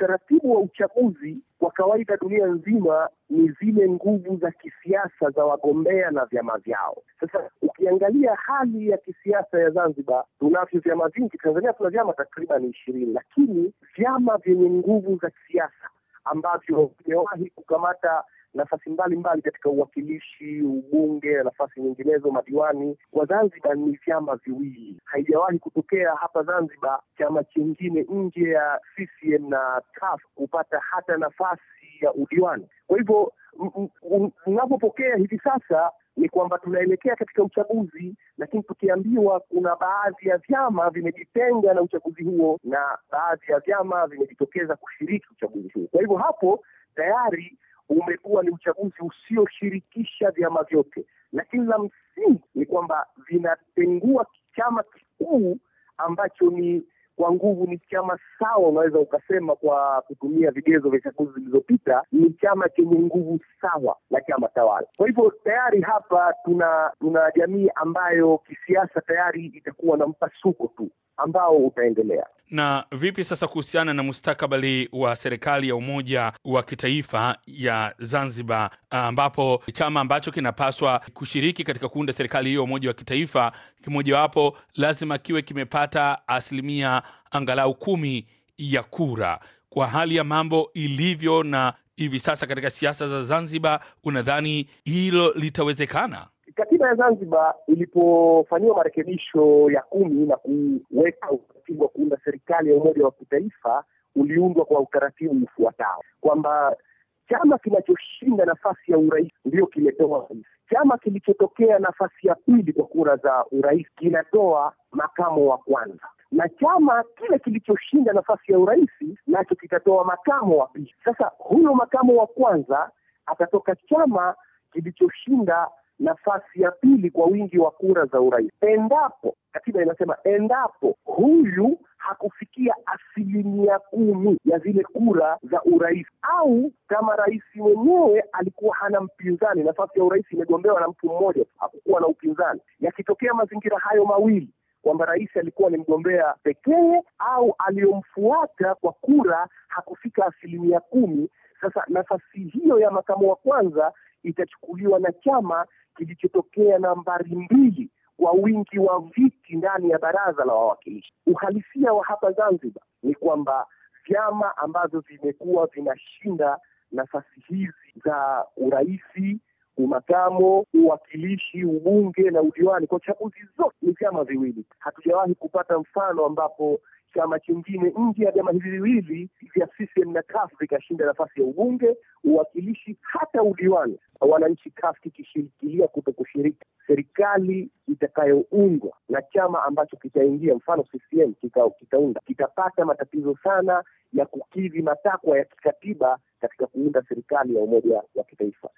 utaratibu wa uchaguzi kwa kawaida dunia nzima ni zile nguvu za kisiasa za wagombea na vyama vyao. Sasa ukiangalia hali ya kisiasa ya Zanzibar, tunavyo vyama vingi. Tanzania tuna vyama takriban ishirini, lakini vyama vyenye nguvu za kisiasa ambavyo vimewahi kukamata nafasi mbalimbali katika uwakilishi, ubunge, nafasi nyinginezo, madiwani. Kwa Zanzibar ni vyama viwili, haijawahi kutokea hapa Zanzibar chama kingine nje ya CCM na TAF kupata hata nafasi ya udiwani. Kwa hivyo unavyopokea hivi sasa ni kwamba tunaelekea katika uchaguzi, lakini tukiambiwa kuna baadhi ya vyama vimejitenga na uchaguzi huo na baadhi ya vyama vimejitokeza kushiriki uchaguzi huo. Kwa hivyo hapo tayari umekuwa ni uchaguzi usioshirikisha vyama vyote, lakini la msingi ni kwamba vinatengua chama kikuu ambacho ni kwa nguvu ni chama sawa, unaweza ukasema kwa kutumia vigezo vya chaguzi zilizopita, ni chama chenye nguvu sawa na chama tawala. Kwa hivyo tayari hapa tuna tuna jamii ambayo kisiasa tayari itakuwa na mpasuko tu ambao utaendelea. Na vipi sasa kuhusiana na mustakabali wa serikali ya umoja wa kitaifa ya Zanzibar, ambapo chama ambacho kinapaswa kushiriki katika kuunda serikali hiyo umoja wa kitaifa, kimojawapo lazima kiwe kimepata asilimia angalau kumi ya kura. Kwa hali ya mambo ilivyo na hivi sasa katika siasa za Zanzibar, unadhani hilo litawezekana? Katiba ya Zanzibar ilipofanyiwa marekebisho ya kumi na kuweka utaratibu wa kuunda serikali ya umoja wa kitaifa uliundwa kwa utaratibu ufuatao kwamba chama kinachoshinda nafasi ya urais ndio kimetoa rais. Chama kilichotokea nafasi ya pili kwa kura za urais kinatoa makamo wa kwanza na chama kile kilichoshinda nafasi ya urais nacho kitatoa makamo wa pili. Sasa huyo makamo wa kwanza atatoka chama kilichoshinda nafasi ya pili kwa wingi wa kura za urais. Endapo katiba inasema endapo huyu hakufikia asilimia kumi ya zile kura za urais, au kama rais mwenyewe alikuwa hana mpinzani, nafasi ya urais imegombewa na mtu mmoja, hakukuwa na upinzani, yakitokea mazingira hayo mawili, kwamba rais alikuwa ni mgombea pekee au aliyomfuata kwa kura hakufika asilimia kumi. Sasa nafasi hiyo ya makamu wa kwanza itachukuliwa na chama kilichotokea nambari mbili kwa wingi wa viti ndani ya baraza la wawakilishi. Uhalisia wa hapa Zanzibar ni kwamba vyama ambavyo vimekuwa vinashinda nafasi hizi za urahisi umakamo, uwakilishi, ubunge na udiwani kwa chaguzi zote ni vyama viwili. Hatujawahi kupata mfano ambapo chama chingine nje ya vyama hivi viwili vya CCM na CUF vikashinda nafasi ya ubunge, uwakilishi, hata udiwani. Wananchi CUF kikishirikilia kuto kushiriki, serikali itakayoundwa na chama ambacho kitaingia, mfano CCM kitaunda, kitapata matatizo sana ya kukidhi matakwa ya kikatiba katika kuunda serikali ya umoja wa kitaifa.